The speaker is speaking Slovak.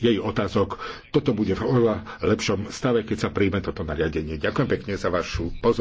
jej otázok. Toto bude v oveľa lepšom stave, keď sa príjme toto nariadenie. Ďakujem pekne za vašu pozornosť.